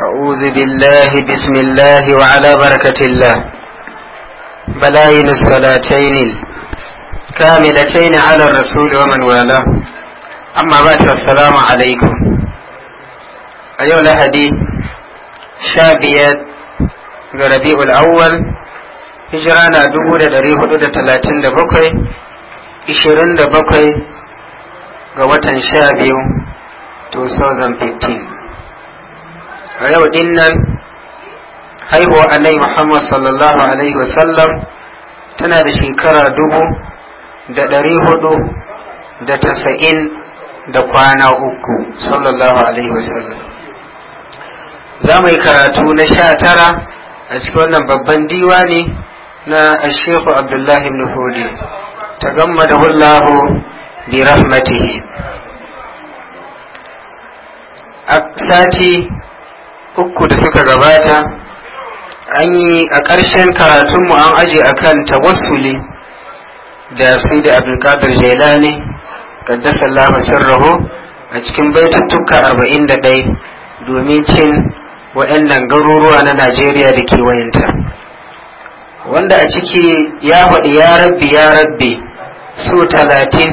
أعوذ بالله بسم الله وعلى بركة الله بلاين الصلاتين الكاملتين على الرسول ومن والاه أما بعد السلام عليكم أيها الأهدي شابية ربيع الأول هجرانا دولة dubu da dari hudu da talatin da bakwai 2015 a yau dinnan, haihuwa annabi Muhammad sallallahu alaihi wasallam tana da shekara dubu da ɗari hudu da tasa'in da kwana uku sallallahu alaihi wasallam za mu yi karatu na sha tara a cikin wannan babban diwani na ashekhu abdullahi ibn hudi ta gamma da hullahu bi rahmatihi a sati uku da suka gabata an yi a ƙarshen karatunmu an aje a kan tawassuli da su da abdulkadir jailani gaddasa lafa raho a cikin baitattuka ɗai domin cin waɗannan garuruwa na najeriya da kewayenta wanda a ciki ya faɗi ya rabbi ya rabbi su talatin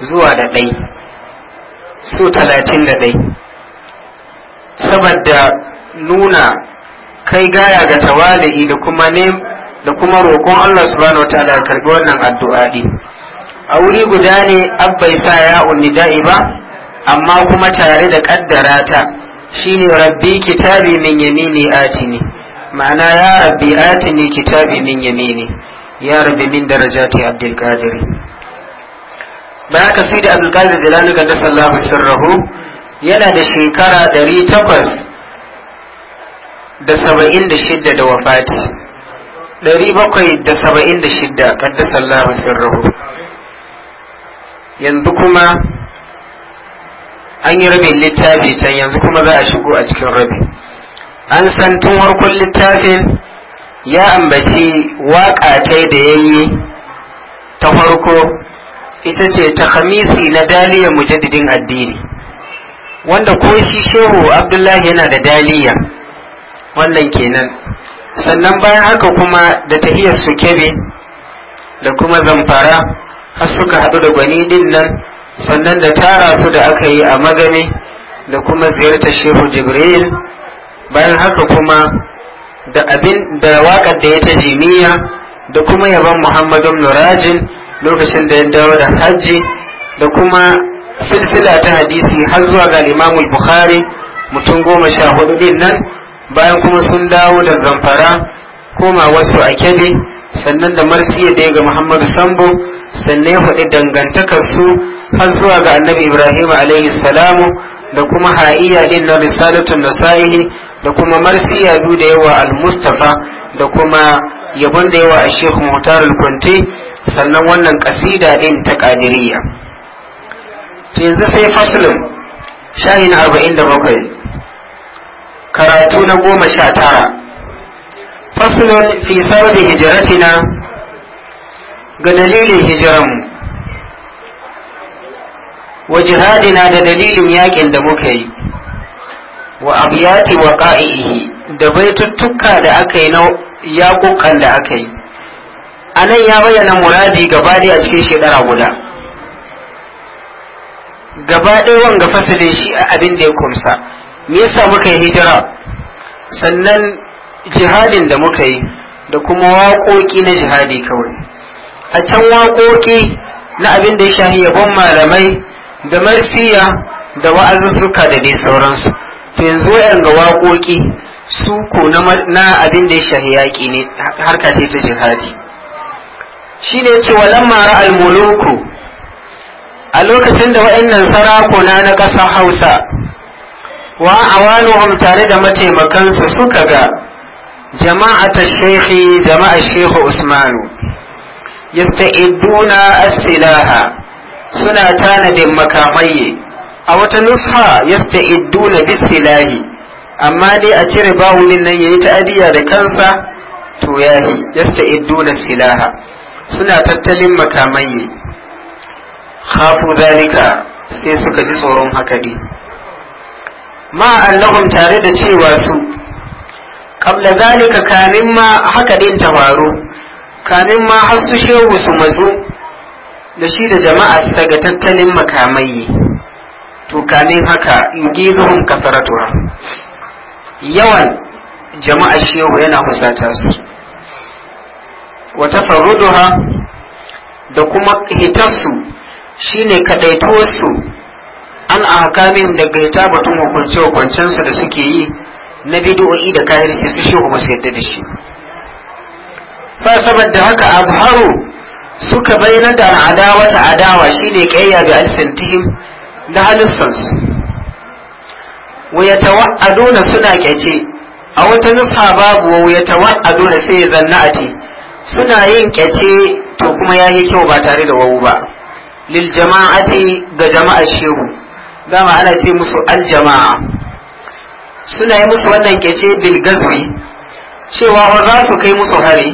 zuwa da ɗai su talatin da ɗai saboda nuna kai gaya ga tawali'i da kuma ne da kuma roƙon Allah subhanahu wataala karbi wannan addu'a din a wuri guda ne abbai sa ya dai ba amma kuma tare da kaddara ta shine rabbi kitabi min yamini atini ma'ana ya rabbi atini kitabi min yamini ya rabbi min darajati abdul qadir ba ka fi da abdul qadir jilani ga sallahu sirrahu yana da shekara ɗari takwas da saba'in da shidda da wafati ɗari bakwai da saba'in da shidda ƙaddasallahu rahu yanzu kuma an yi rabin littafi can yanzu kuma za a shigo a cikin rabi an san tun warkon littafin ya ambaci waƙa ta da ya yi ta farko ita ce ta khamisi na daliyar mujaddidin addini wanda ko shi shehu abdullahi yana da daliya wannan kenan sannan bayan haka kuma da tahiyar su kebe da kuma zamfara har suka haɗu da gwani din nan sannan da tara su da aka yi a magani da kuma ziyartar shehu jibril bayan haka kuma da abin da waƙar da ya ta jimiya da kuma yaban muhammadu nurajin lokacin da ya dawo da hajji da kuma silsila ta hadisi har zuwa ga Imam Bukhari mutum goma sha hudu din nan bayan kuma sun dawo da zamfara koma wasu a kebe sannan da marfiya da ga Muhammadu Sambo sannan ya faɗi dangantakar su har zuwa ga Annabi Ibrahim alaihi salamu da kuma ha'iya din na risalatun nasa'ihi da kuma marfiya biyu da yawa al-Mustafa da kuma yabon da yawa a Sheikh Muhtar al sannan wannan kasida din ta Qadiriyya yanzu sai faslin shahi na arba'in da bakwai karatu na goma sha tara faslin fi saudi hijiratina ga dalilin hijiranmu wa jihadina da dalilin yakin da muka yi wa abiyati wa ka'ihi da baituttuka da aka yi na yakukan da aka yi a nan ya bayyana muradi gaba a cikin shekara guda gaba ɗaya wanga fasalin shi a abin da ya kumsa me yasa muka yi hijira sannan jihadin da muka yi da kuma waƙoƙi na jihadi kawai a can waƙoƙi na abin da ya shahi yabon malamai da marfiya da wa'azuzzuka da dai sauransu to yanzu wayan ga waƙoƙi su ko na abin da ya shahi yaƙi ne harka ta jihadi shi ne cewa lamma ra'al muluku a lokacin da waɗannan sarakuna na ƙasar hausa wa awanuhum tare da mataimakansu suka ga jama'ata shehi jama'a shehu usmanu yasta'iduna as-silaha suna tanadin makamai a wata nusha yasta'iduna bis-silahi amma dai a cire bawulin nan yayi ta'adiya da kansa to yahi yasta'iduna silaha suna tattalin makamai khafu zalika sai suka ji tsoron haka ne ma annahum tare da cewa su Kabla zalika kamin ma haka din ta faru ma har su shehu su mazu da shi da jama'a su daga tattalin makamai to kamin haka in yugizuhum kasaratuha yawan jama'a shehu yana husata su wata faruduha da kuma hitarsu shine su an ahkamin daga ita batun hukunce hukuncensu da suke yi na bidu'o'i da kahirci su shi kuma su yadda da shi fa saboda haka azharu suka bayyana da adawa ta adawa shine kayya da alsantihim da halissansu wa yatawa'aduna suna kyace a wata nusha babu wa yatawa'aduna sai zanna ati suna yin kyace to kuma yayi kyau ba tare da wawu ba liljama'ati ga jama'ar shehu dama ana ce musu aljama'a suna yi musu wannan kece bil gazwi cewa wa za su kai musu hari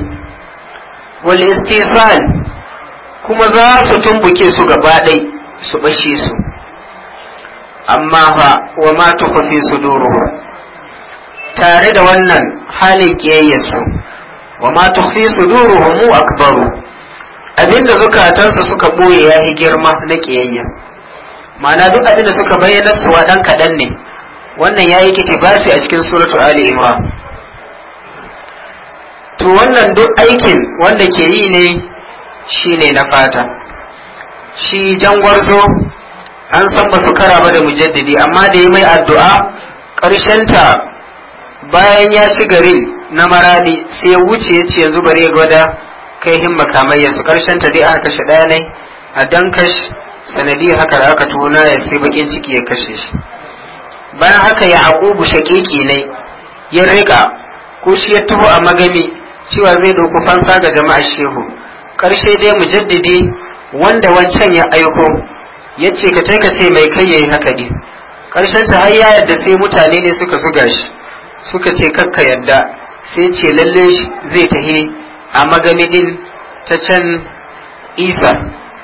wal istisal kuma za su tumbuke su gaba ɗai su bashe su amma fa wa ma tukhafi suduru tare da wannan halin kiyayyarsu wa ma tukhafi suduruhum akbaru abinda zukatansa suka ɓoye ya yi girma na ƙiyayya ma'ana duk abinda suka bayyana su wa ɗan kaɗan ne wannan ya yi basi a cikin suratu ali imran to wannan duk aikin wanda ke yi ne shi ne na fata shi jangwarzo an san ba su kara ba da mujaddidi amma da yi mai addu'a ta bayan ya ci garin na marani sai ya wuce ya ce yanzu bari ya gwada kai hin kamayya su karshen ta dai aka kashe ɗaya ne a dankash sanadiyar haka da aka tona ya sai bakin ciki ya kashe shi bayan haka ya haƙubu shaƙiƙi ne ya rika ko shi ya tuho a magami cewa zai ɗauko fansa ga jama'a shehu Karshe dai mujaddidi wanda wancan ya aiko ya ce ka ka ce mai kai yayi haka ne ƙarshen ta har ya yarda sai mutane ne suka zuga shi suka ce kakka yarda sai ce lalle zai tahe a magamidin ta can isa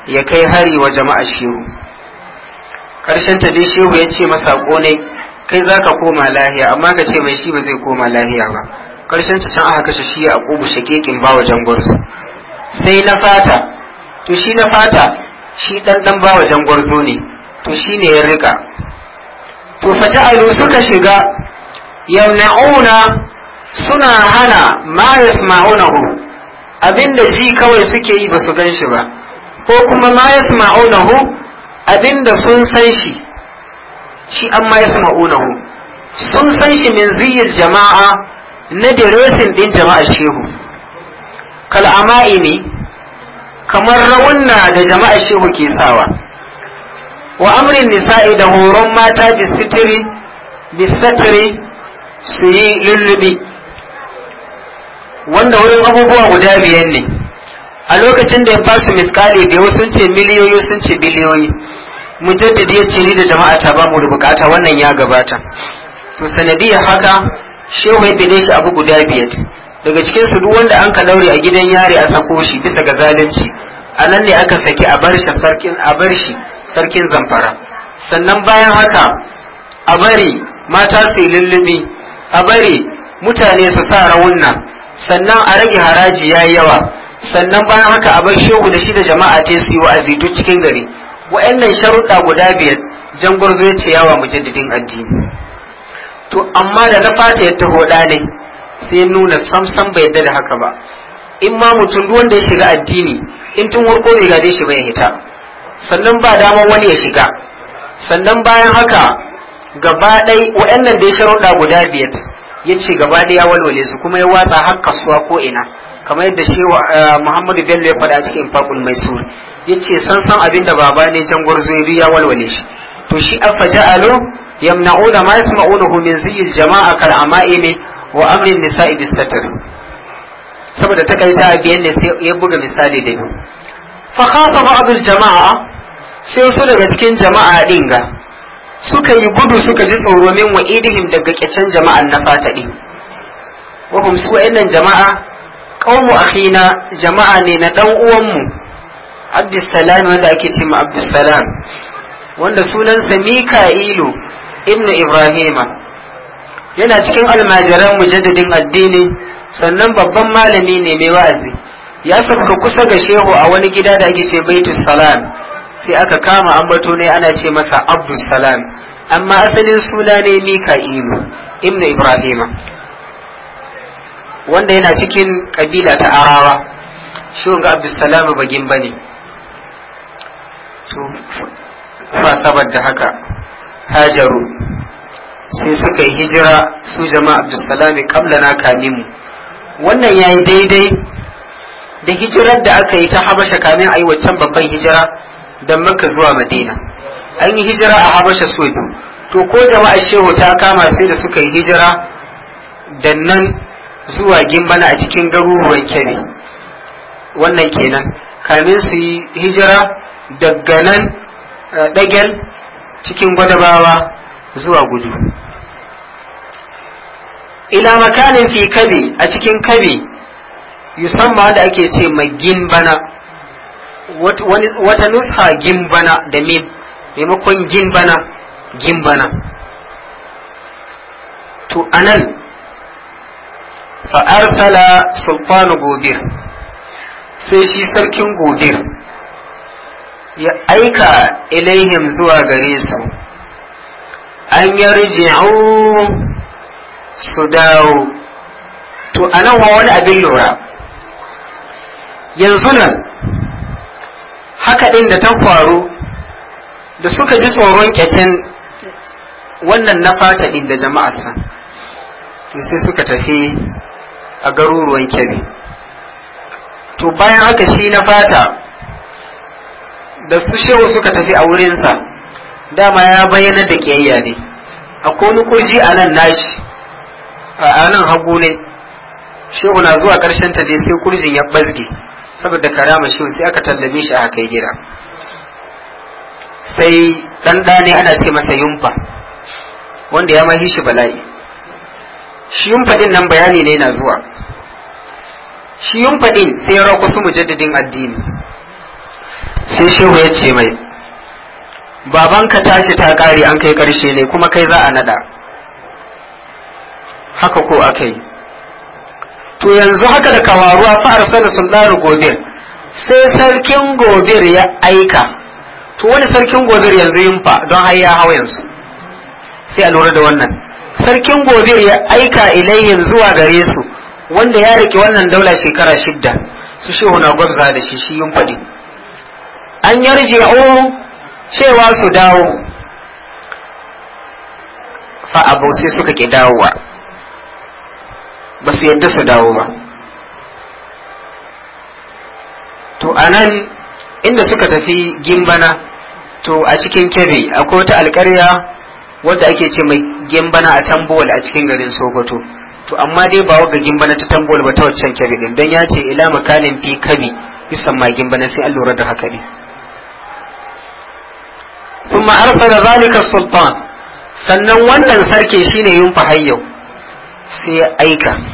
ya kai hari wa jama'a shehu ƙarshen ta dai shehu ya ce masa ne kai za ka koma lahiya amma ka ce mai shi ba zai koma lahiya ba ƙarshen ta can aka kashe shi a ƙubu shakekin bawa jangwarsa sai na fata to shi na fata shi ɗanɗan bawa jangonsu ne to shi ne ya rika to fata'alu suka shiga na'una suna hana ma yasma'unahu abinda shi kawai suke yi ba su gan shi ba ko kuma ma ya abin abinda sun san shi shi an ma ya sun san shi min ziyar jama'a na diresin din jama'a shehu ne, kamar rawunna da jama'a shehu ke sawa wa amrin nisa'i da horon mata bisitiri bisatiri su yi lullubi wanda wurin abubuwa guda biyan ne a lokacin da ya fasu miskali da sun ce miliyoyi sun ce biliyoyi mujaddadi ya ce ni da jama'a ta ba da bukata wannan ya gabata to sanadiyar haka shehu ya bide shi abu guda biyar daga cikin su duk wanda an ka daure a gidan yare a sako shi bisa ga zalunci a nan ne aka saki a bar shi sarkin a bar shi sarkin zamfara sannan bayan haka a bari mata su lullubi a bari mutane su sa rawunna sannan a rage haraji yayi yawa sannan bayan haka a bar shehu da shi da jama'a ta su yi wa cikin gari wa'annan sharuɗa guda biyar jangwarzo ya ce yawa mujaddidin addini to amma da na fata ya taho ne sai nuna samsam bai yadda da haka ba in ma mutum duk wanda ya shiga addini in tun warko bai gade shi bai hita sannan ba daman wani ya shiga sannan bayan haka gaba ɗai wa'annan dai sharuɗa guda biyar ya ce gaba da ya walwale su kuma ya watsa har kasuwa ko ina kamar yadda shi uh, muhammadu bello ya faɗa cikin fakul mai yace ya ce san san abin baba ne can gwarzo ya walwale shi to shi afa alo yamna'una ma yasma'unahu min ziyil jama'a kal ama'imi wa amrin nisa'i bistatir saboda ta takaita biyan ne ya buga misali da biyu fa khafa ba'd al jama'a sai su daga cikin jama'a dinga suka yi gudu suka ji tsoro min wa idihim daga kyacen jama'an na fataɗi wahum su wa'annan jama'a qaumu akhina jama'a ne na dan uwanmu abdussalam wanda ake ce ma abdussalam wanda sunansa mika'ilu ibnu ibrahima yana cikin almajiran mujaddadin addini sannan babban malami ne mai wa'azi ya sauka kusa ga shehu a wani gida da ake ce baitus salam sai aka kama ambato ne ana ce masa abdussalam amma asalin suna ne mika'ilu Ibn Ibrahim wanda yana cikin kabila ta arawa shi wanga abdussalam bagin bane to fa saboda haka hajaru sai suka yi hijira su jama'a abdussalami kamla na kamimu wannan yayi daidai da hijirar da aka yi ta habasha kamin a yi waccan babban hijira da maka zuwa madina an yi hijira a habasha su to ko jama'a shehu ta kama sai da suka yi hijira da nan zuwa gimbana a cikin garuruwan kebe wannan kenan kamin su yi hijira daga nan ɗagel eh, cikin gwadabawa zuwa gudu ila makanin fi kabe a cikin kabe yusamma da ake ce magin bana wata nusha gimbana da mim maimakon gimbana gimbana to anan fa'artala sultanu gobir sai shi sarkin gobir ya aika ilaihim zuwa gare su an yarji'u su dawo to anan wa wani abin lura yanzu nan haka ɗin da ta faru da suka ji tsoron kyakken wannan na fata ɗin da jama'arsa sai suka tafi a garuruwan kyabi to bayan haka shi na fata da su shehu suka tafi a wurinsa dama ya bayyana da ƙiyayya ne a kone a nan nashi a nan hagu ne shehu na zuwa ƙarshen ta dai sai kurjin ya ɓazge saboda karama shi sai aka tallabe shi aka kai gida sai dan ne ana ce masa yumfa wanda ya mahi shi bala'i shi yumfa din nan bayani ne na zuwa shi yumfa din sai ya rako su mujaddadin addini sai shehu ya ce mai babanka tashi ta kare an kai karshe ne kuma kai za a nada haka ko akai to yanzu haka da kawaruwa fa arsala sultan gobir sai sarkin gobir ya aika to wani sarkin gobir yanzu yin fa don har ya hawa yanzu sai a lura da wannan sarkin gobir ya aika ilayhim zuwa gare su wanda ya rike wannan daula shekara shidda su shehu na gwabza da shi shi yin faɗi an yarje o cewa su dawo fa abu sai suka ke dawowa ba su yadda su dawo ba to a nan inda suka tafi gimbana to a cikin kebe akwai wata alkarya wadda ake ce mai gimbana a tambowal a cikin garin sokoto to amma dai ba ga gimbana ta tambowal ba ta waccan kebe din don ya ce ila makanin fi kabi bisan ma gimbana sai an lura da haka ne ثم أرسل ذلك السلطان sannan wannan sarki shine yunfa fahayyau sai ya aika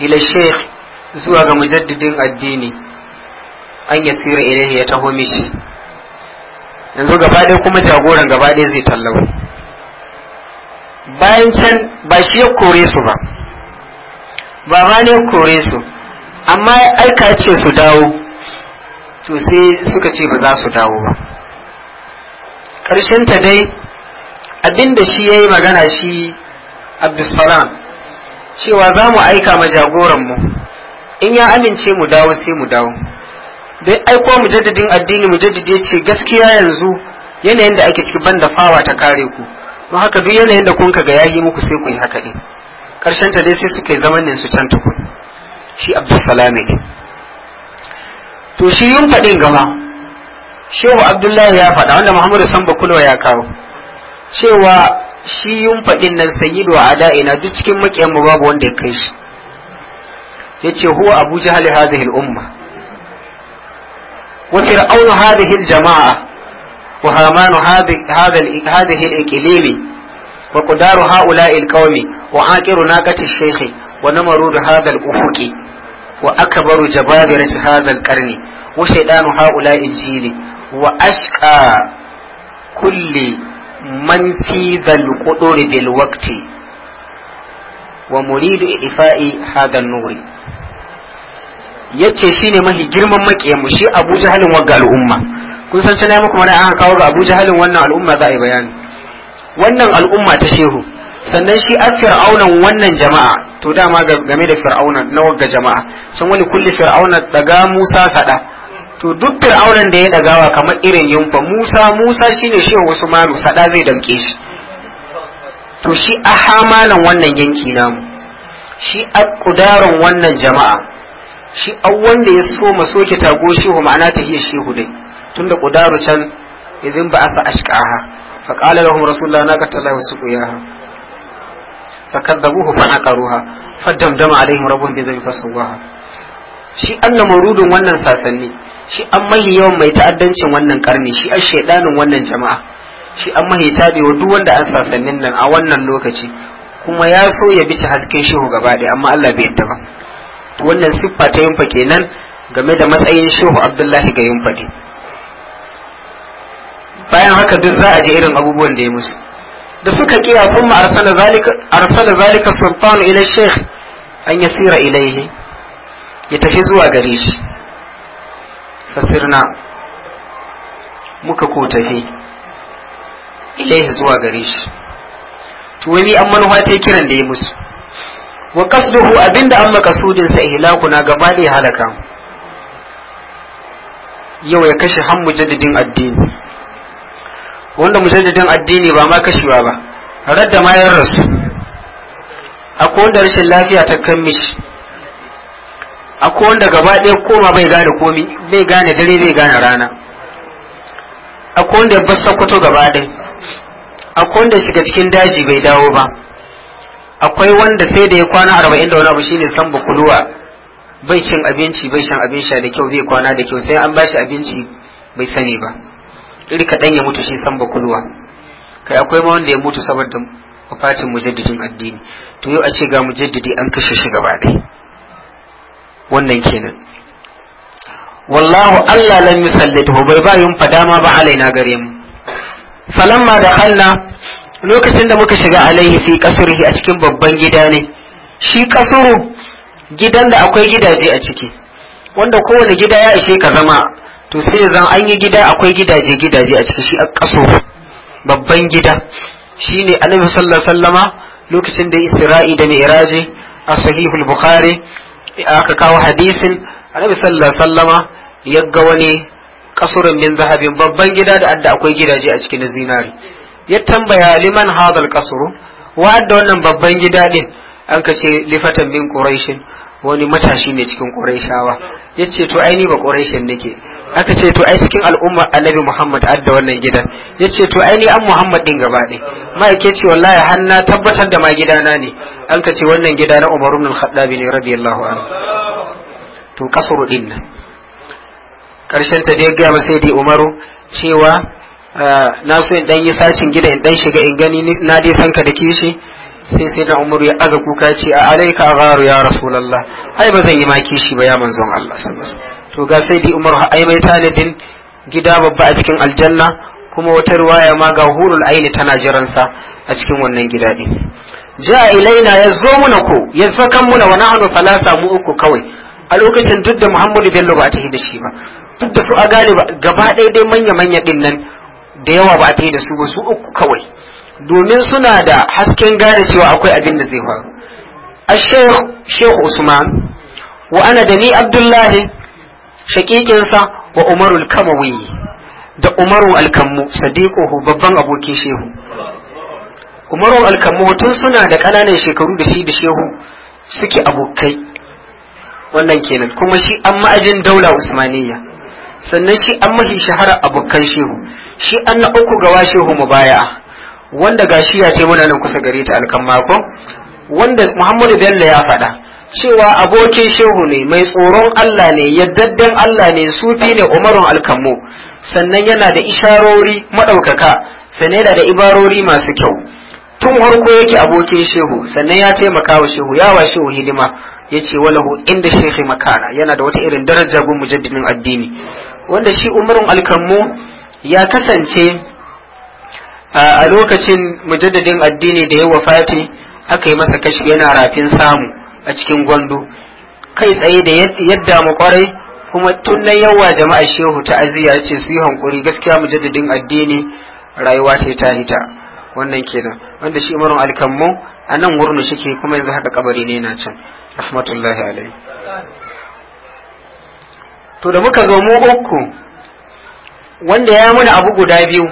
ila sheikh zuwa ga mujaddidin addini an tsira ilaihi ya taho mishi yanzu gaba ɗaya kuma jagoran gaba ɗaya zai tallau bayan can ba shi ya kore su ba baba ne kore su amma aika ce su dawo to sai suka ce ba za su dawo ba Karshen ta dai abinda shi ya yi magana shi abdulsalam cewa za mu aika ma mu. in ya amince mu dawo sai mu dawo dai aiko mujaddidin addini jaddade ce gaskiya yanzu yanayin da ake ciki banda fawa ta kare ku don haka duk yanayin da kun ga yayi muku sai ku yi haka din karshen ta dai sai suka yi ne su can tukun shi abdulsalami ne to shi yun fadin gama shehu abdullahi ya faɗa wanda muhammadu sanba kulwa ya kawo cewa shi yun faɗin nan sayyidu a da'ina duk cikin maƙiyan mu babu wanda ya kai shi ya ce huwa abu jahal hadhihi al-umma wa fir'aunu hadhihi hil jamaa wa haman hadhihi al-iqlimi wa qudaru ha'ula'i al-qawmi wa aqiru naqati ash-shaykhi wa namaru hadha al-ufuqi wa akbaru jababirati hadha al-qarni wa shaytanu ha'ula'i al-jili wa ashqa kulli man fi zal quduri bil wa muridu idfa'i hadan yace shine mahi girman makiyanmu shi Abu Jahalin wagga al'umma kun san tana muku mana aka kawo ga Abu Jahalin wannan al'umma za a yi bayani wannan al'umma ta shehu sannan shi a fir'aunan wannan jama'a to dama game da fir'auna na wagga jama'a can wani kulli fir'auna daga Musa sada to duk fir'aunan da ya dagawa kamar irin yunfa musa musa shine shi wasu malu sada zai damke shi to shi a hamanan wannan yanki namu shi a kudaron wannan jama'a shi a wanda ya so maso soke tago wa ma'ana ta hiya hudai tun tunda kudaro can izin ba asa ashqaha fa qala lahum rasulullah naqatallahi wa suqiyaha fakadzabuhu fa aqaruha fa damdama alaihim rabbuhum bi dhanbi fasawaha shi annan murudun wannan sasanni shi an mahi yawan mai ta'addancin wannan karni shi an shaidanin wannan jama'a shi an mahi wa duk wanda an sasannin nan a wannan lokaci kuma ya so ya bi ci hasken shehu gaba ɗaya amma Allah bai yadda ba wannan siffa ta yin fake nan game da matsayin shehu Abdullahi ga yin fake bayan haka duk za a je irin abubuwan da ya musu da suka kiya kuma arsala zalika arsala zalika sultanu ila sheikh an yasira ilaihi ya tafi zuwa gare shi fasirna muka ko tafi ilaihi zuwa gare shi to wani an manuwa ta kiran da ya musu wa kasduhu abinda an makasudin sa na gaba da ya halaka yau ya kashe han mujaddidin addini wanda mujaddidin addini ba ma kashewa ba radda ma yan rasu akwai wanda rashin lafiya ta kan mishi akwai wanda gaba ɗaya koma bai gane komi bai gane dare bai gane rana akwai wanda ya basa sakwato gaba ɗaya akwai wanda shiga cikin daji bai dawo ba akwai wanda sai da ya kwana arba'in da wani abu shine san bukuluwa bai cin abinci bai shan abin sha da kyau bai kwana da kyau sai an bashi abinci bai sani ba iri kaɗan ya mutu shi san bukuluwa kai akwai ma wanda ya mutu saboda wafatin mujaddidin addini to yau a ce ga mujaddidi an kashe shi gaba ɗaya wannan kenan wallahu Allah lam yusallituhu bai ba yin fadama ba alaina gare mu falamma dakhalna lokacin da muka shiga alaihi fi kasurihi a cikin babban gida ne shi kasuru gidan da akwai gidaje a ciki wanda kowane gida ya ishe ka zama to sai zan an yi gida akwai gidaje gidaje a ciki shi a kasuru babban gida shine annabi sallallahu alaihi wasallama lokacin da isra'i da mi'raji a sahihul bukhari aka kawo hadisin annabi sallallahu alaihi ya ga wani kasurin min zahabin babban gida da adda akwai gidaje a cikin zinari ya tambaya liman hadal kasuru wa adda wannan babban gida din an ka lifatan min quraishin wani matashi ne cikin ƙurayshawa ya ce to ai ni ba ƙurayshin nake aka ce to ai cikin al'ummar annabi muhammad adda wannan gidan ya to ai ni an muhammad din gaba ɗaya ma'aike ce wallahi har na tabbatar da ma gidana ne an ka ce wannan gida na umar ibn al-khattabi ne radiyallahu anhu to kasuru din karshen ta dai ga sai dai umaru cewa ah, na so in dan yi sacin gida in dan shiga in gani na dai san ka da kishi sai sai na umaru ya aza kuka ce a alaika gharu ya rasulallah ai ba zan yi maki shi ba ya manzon Allah to ga sai umar umaru ai mai tanadin gida babba a cikin aljanna kuma wata ruwaya ma ga hurul aini tana jiransa a cikin wannan gida din ja ilaina ya zo muna ko ya zakan muna wa nahnu falasa mu uku kawai a lokacin duk da muhammadu bello ba ta da shi ba duk da su a gane gaba ɗaya dai manya manya din da yawa ba ta yi da su ba su uku kawai domin suna da hasken gane cewa akwai abin da zai faru A shehu usman wa ana da ni abdullahi shakikinsa wa umaru alkamawi da umaru alkammu sadiquhu babban abokin shehu umaru alkammu tun suna da ƙananan shekaru da shi da shehu suke abokai wannan kenan kuma shi an ma'ajin daula usmaniyya sannan shi an mahi shahara abokan shehu shi an na uku gawa shehu mubaya'a wanda gashiya ce muna nan kusa gare ta alkan mako wanda Muhammadu Bello ya faɗa cewa abokin shehu ne mai tsoron Allah ne yaddaddan Allah ne sufi ne umarun alkammu sannan yana da isharori maɗaukaka sannan yana da ibarori masu kyau tun harko yake abokin shehu sannan ya taimaka wa shehu ya wa shehu hidima ya ce walahu inda shehu makana yana da wata irin daraja gun mujaddidin addini wanda shi umarun alkammu ya kasance a lokacin mujaddadin addini da ya wafati aka yi masa kashi yana rafin samu a cikin gwando kai tsaye da yadda mu kwarai kuma tun nan yawa jama'a shehu ta aziya ce su yi hankuri gaskiya mujaddadin addini rayuwa ce ta hita wannan kenan wanda shi imarun alkammu a nan wurin shike kuma yanzu haka kabari ne na can rahmatullahi ala'i. to da muka zo mu uku wanda ya mana abu guda biyu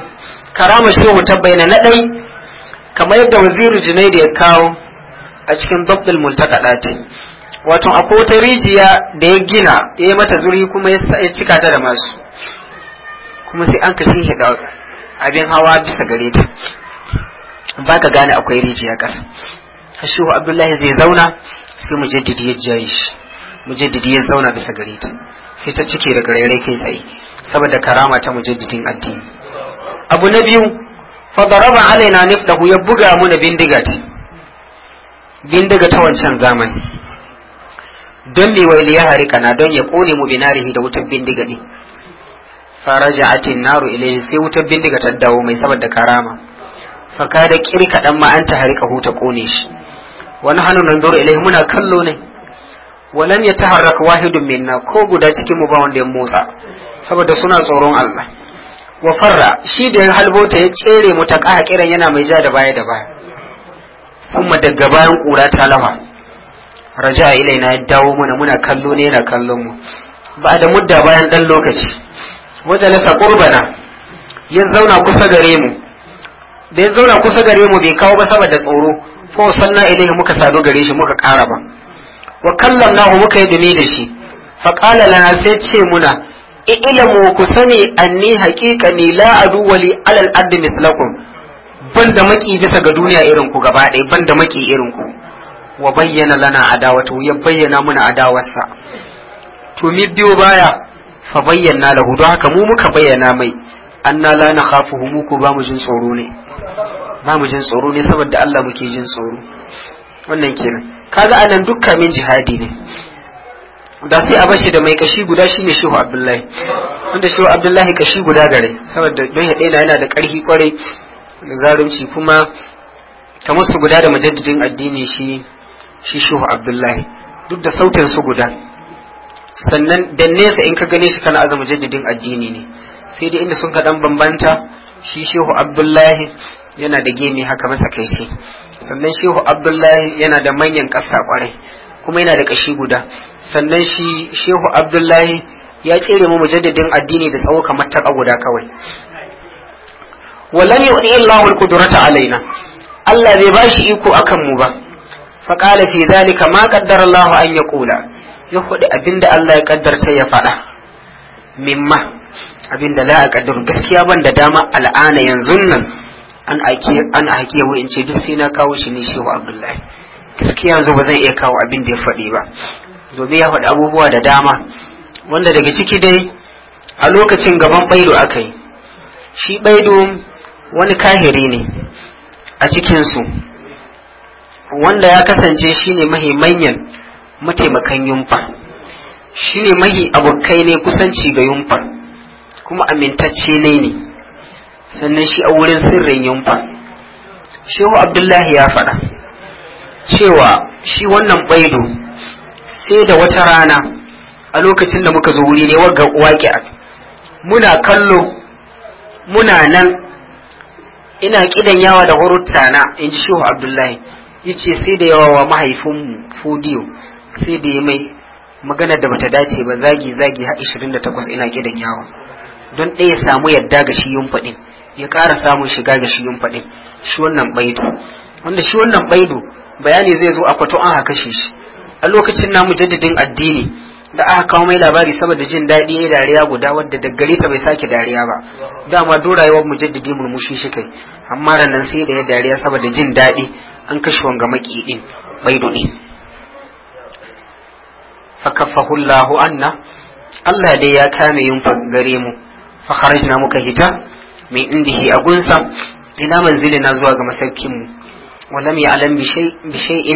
karama shehu ta bayyana na ɗai kamar yadda waziru junaidu ya kawo a cikin dabdul multaka yi. wato akwai wata rijiya da ya gina ya mata zuri kuma ya cika ta da masu kuma sai an kashe shi abin hawa bisa gare ta ba ka gane akwai rijiya ƙasa shehu abdullahi zai zauna sai jaddidi ya jaye shi jaddidi ya zauna bisa gare ta sai ta cike da gare kai tsaye saboda karama ta mujaddidin addini abu na biyu fadaraba alaina niftahu ya buga mu na bindiga ce bindiga ta wancan zamani don mi waili ya harika na don ya kone mu binarihi da wutar bindiga ne faraja atin naru ilayhi sai wutar bindiga ta dawo mai saboda karama faka da kiri kaɗan ma an ta harika ta kone shi wani hannun nan doro ilayhi muna kallo ne walam ya taharraka wahidun minna ko guda cikin mu ba wanda ya motsa saboda suna tsoron Allah wa farra shi da ya halbota ya tsere mu ta kiran yana mai ja da baya da baya kuma daga bayan kura ta lawa raja ilaina ya dawo mana muna kallo ne yana kallon mu ba da mudda bayan dan lokaci Majalisa qurbana ya zauna kusa gare mu da ya zauna kusa gare mu bai kawo ba saboda tsoro fa sanna ilai muka sadu gare shi muka ƙara ba wa nahu muka yi dumi da shi fa qala lana sai ce muna ilmu ku sani anni haqiqa ne la aduwali alal ardi mislakum Banda maki bisa ga duniya irin ku gaba ɗaya banda maki irin ku wa bayyana lana adawatu ya bayyana muna adawarsa to mi biyo baya fa bayyana lahu don haka mu muka bayyana mai anna la nakhafuhu mu ku ba mu jin tsoro ne ba mu jin tsoro ne saboda Allah muke jin tsoro wannan kenan kaga anan dukkan min jihadi ne da sai a bashi da mai kashi guda shine shehu abdullahi wanda shehu abdullahi kashi guda gare saboda don ya daina yana da karfi kwarai da zarunci kuma ta su guda da majaddidin addini shi shi shehu abdullahi duk da sautin su guda sannan da nesa in ka gane shi kana azama jaddidin addini ne sai dai inda sun ka dan bambanta shi shehu abdullahi yana da gemi haka masa kai shi. sannan shehu abdullahi yana da manyan kasa kwarai kuma yana da kashi guda sannan shi shehu abdullahi ya cire mu mujaddadin addini da tsawo kamar taka guda kawai wallan ya wani Allahu al alaina Allah bai ba shi iko akan mu ba fa qala fi zalika ma qaddara Allah an yaqula ya hudi abinda Allah ya kaddarta ya faɗa. mimma abinda la aqaddaru gaskiya ban da dama al'ana yanzu nan an ake an ake in ce duk sai na kawo shi ne shehu abdullahi gaskiya yanzu ba zan iya kawo abin da ya faɗi ba domin ya faɗi abubuwa da dama wanda daga ciki dai a lokacin gaban baido aka yi shi baido wani kahiri ne a cikinsu wanda ya kasance shi ne mahi manyan mataimakan yumfa shi ne mahi abokai ne kusanci ga yumfa kuma amintacce ne ne sannan shi a wurin sirrin yumfa shehu abdullahi ya faɗa cewa shi wannan baido sai da wata rana a lokacin da muka zo wuri ne wagga waƙi'a muna kallo muna nan ina kidan yawa da hurutta na in ji shehu abdullahi yace sai da yawa wa mahaifinmu fodiyo sai da ya mai magana da bata dace ba zagi zagi ha 28 ina kidan yawa don ɗaya samu yadda ga shi yumfaɗin ya ƙara samun shiga ga shi yumfaɗin shi wannan baido wanda shi wannan baido bayani zai zo a kwato an haka shi a lokacin namu jaddadin addini da aka kawo mai labari saboda jin daɗi ya dariya guda wadda da gare ta bai sake dariya ba dama do rayuwar mu jaddadi murmushi shi kai amma ranan sai da ya dariya saboda jin daɗi an kashe wanga maki din bai fa fakaffahu Allahu anna Allah dai ya kame yin gare mu fa kharajna muka hita min indihi agunsa ila manzilina zuwa ga masaukin mu ولم يعلم بشيء بشيء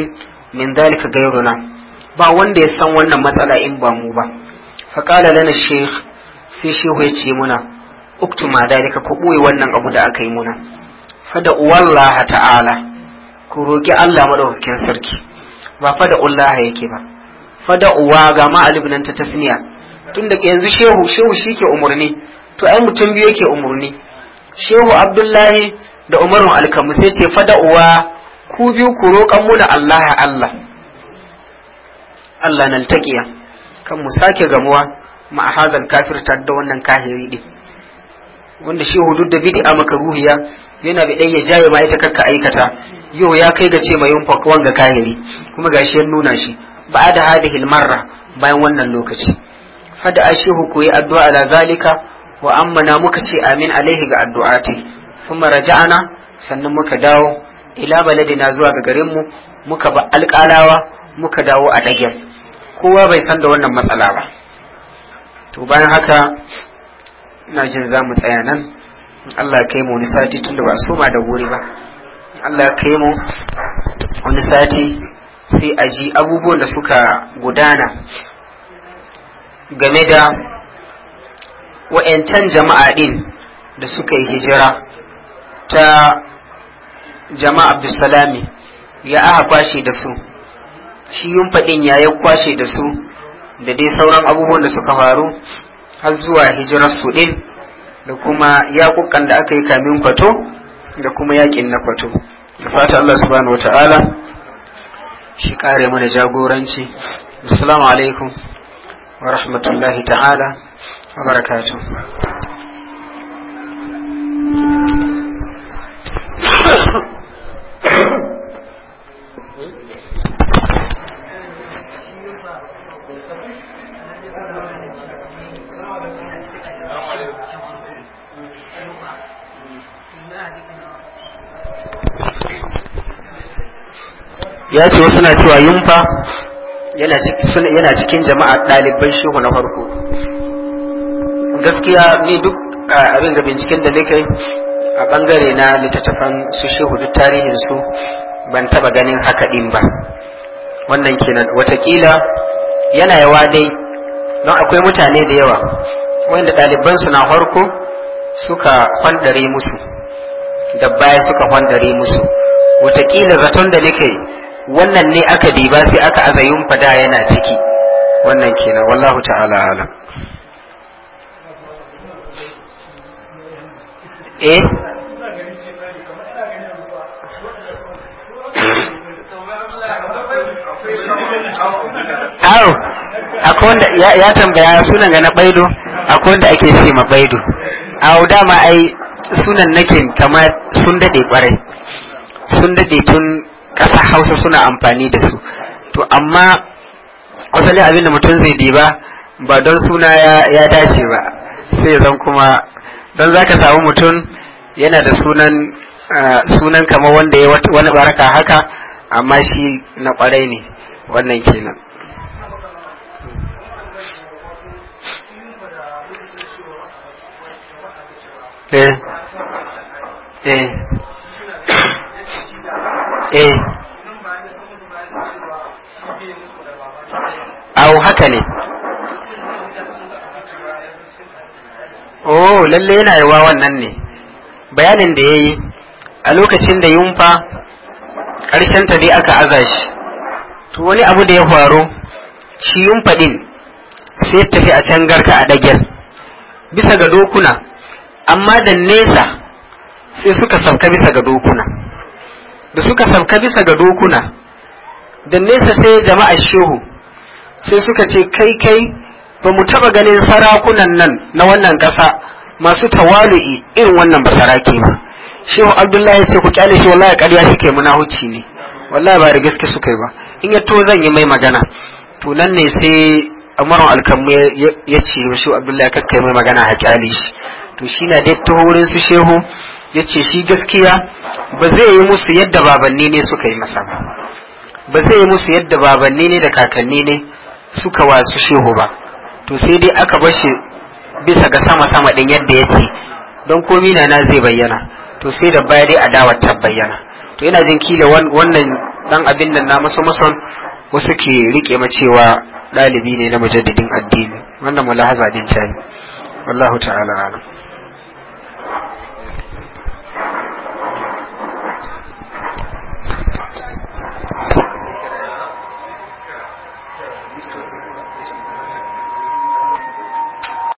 min ذلك غيرنا ba wanda ya san wannan matsala in ba mu ba fa qala lana shaykh sai shehu ya ce muna uktuma dalika ku boye wannan abu da aka yi muna fa da wallahi ta'ala ku roki Allah madaukakin sarki ba fa da yake ba fa da uwa ga ma alibnan ta tasniya tunda yanzu shehu shehu shi ke umurni to ai mutum biyu yake umurni shehu abdullahi da umarun alkamu sai ce fada'uwa ku biyu ku roƙan da Allah Allah Allah nan taƙiya kan mu sake gamuwa ma hadal kafir da wannan kahiri ɗin. wanda shi hudud da bid'a ruhiya yana bi ya jaye ma ita kakka aikata yau ya kai ga ce mai yunfa ga kahiri kuma gashi ya nuna shi ba a da hadihil marra bayan wannan lokaci fada ashihu koyi addu'a ala zalika wa amma na muka ce amin alaihi ga addu'ati kuma raja'ana sannan muka dawo ila na zuwa ga garin mu muka ba alƙalawa muka dawo a ɗagen kowa bai san da wannan matsala ba to bayan haka ina jin za mu tsaya nan Allah ya kai mu wani sati tun da ba soma da wuri ba Allah ya kai mu wani sati sai a ji abubuwan da suka gudana game da wa'yancan jama'a din da suka yi hijira ta jama'a abdulsalami ya aka kwashe da su shi yunfaɗin ya yi kwashe da su da dai sauran abubuwan da suka faru har zuwa hijirar su ɗin da kuma yaƙuƙan da aka yi kamin kwato da kuma yaƙin na kwato da fata Allah subhanahu wata'ala shi kare mana jagoranci assalamu alaikum wa rahmatullahi ta'ala wa barakatuh ya ce wasu na cewa yunfa yana cikin jama'a ɗaliban shehu na farko gaskiya ni duk abin ga binciken da na kai a bangare na littattafan su shehu duk tarihinsu ban taba ganin haka din ba wannan kenan watakila yana yawa dai don akwai mutane da yawa wanda ɗaliban su na farko suka kwandare musu da baya suka kwandare musu watakila zaton da kai. wannan ne aka diba sai aka azayun fada yana ciki wannan kenan wallahu ta'ala alam eh Aro, akwai wanda ya tambaya sunan ga na baido, akwai wanda ake ce ma baido. Aw dama ai sunan nake kamar sun dade kwarai. Sun dade tun ƙasa hausa suna amfani da su to amma asalin abinda mutum zai diba ba don suna ya dace ba sai zan kuma don za ka samu mutum yana da sunan sunan kamar wanda ya wani baraka haka amma shi na kwarai ne wannan kenan eh eh eh au haka ne oh lalle yana yawa wannan ne bayanin da ya yi a lokacin da yunfa ƙarshen ta dai aka aza shi to wani abu da ya faru shi yunfa ɗin sai ya tafi a can garka a ɗagyar bisa ga dokuna amma da nesa sai suka sauka bisa ga dokuna da suka sauka bisa ga dokuna da nesa sai jama'a shehu sai suka ce kai kai ba mu taɓa ganin sarakunan nan na wannan ƙasa masu tawali'i irin wannan basarake ba shehu abdullahi ya ce ku kyale shi wallahi ƙarya shi kai huci ne wallahi ba da gaske suka yi ba in ya to zan yi mai magana to nan ne sai amaran alkamu ya ce shehu abdullahi kakkai mai magana a kyale shi to shi na dai ta wurin su shehu ya ce shi gaskiya ba zai yi musu yadda babanni ne suka yi masa ba ba zai yi musu yadda babanni ne da kakanni ne suka wasu shehu ba to sai dai aka bar shi bisa ga sama-sama ɗin yadda ya ce don komi na na zai bayyana to sai da baya dai adawar ta bayyana to ina jin kila wannan dan abin nan na maso mason wasu ke rike ma cewa ɗalibi ne na mujaddidin addini wannan mulahaza din cani wallahu ta'ala alam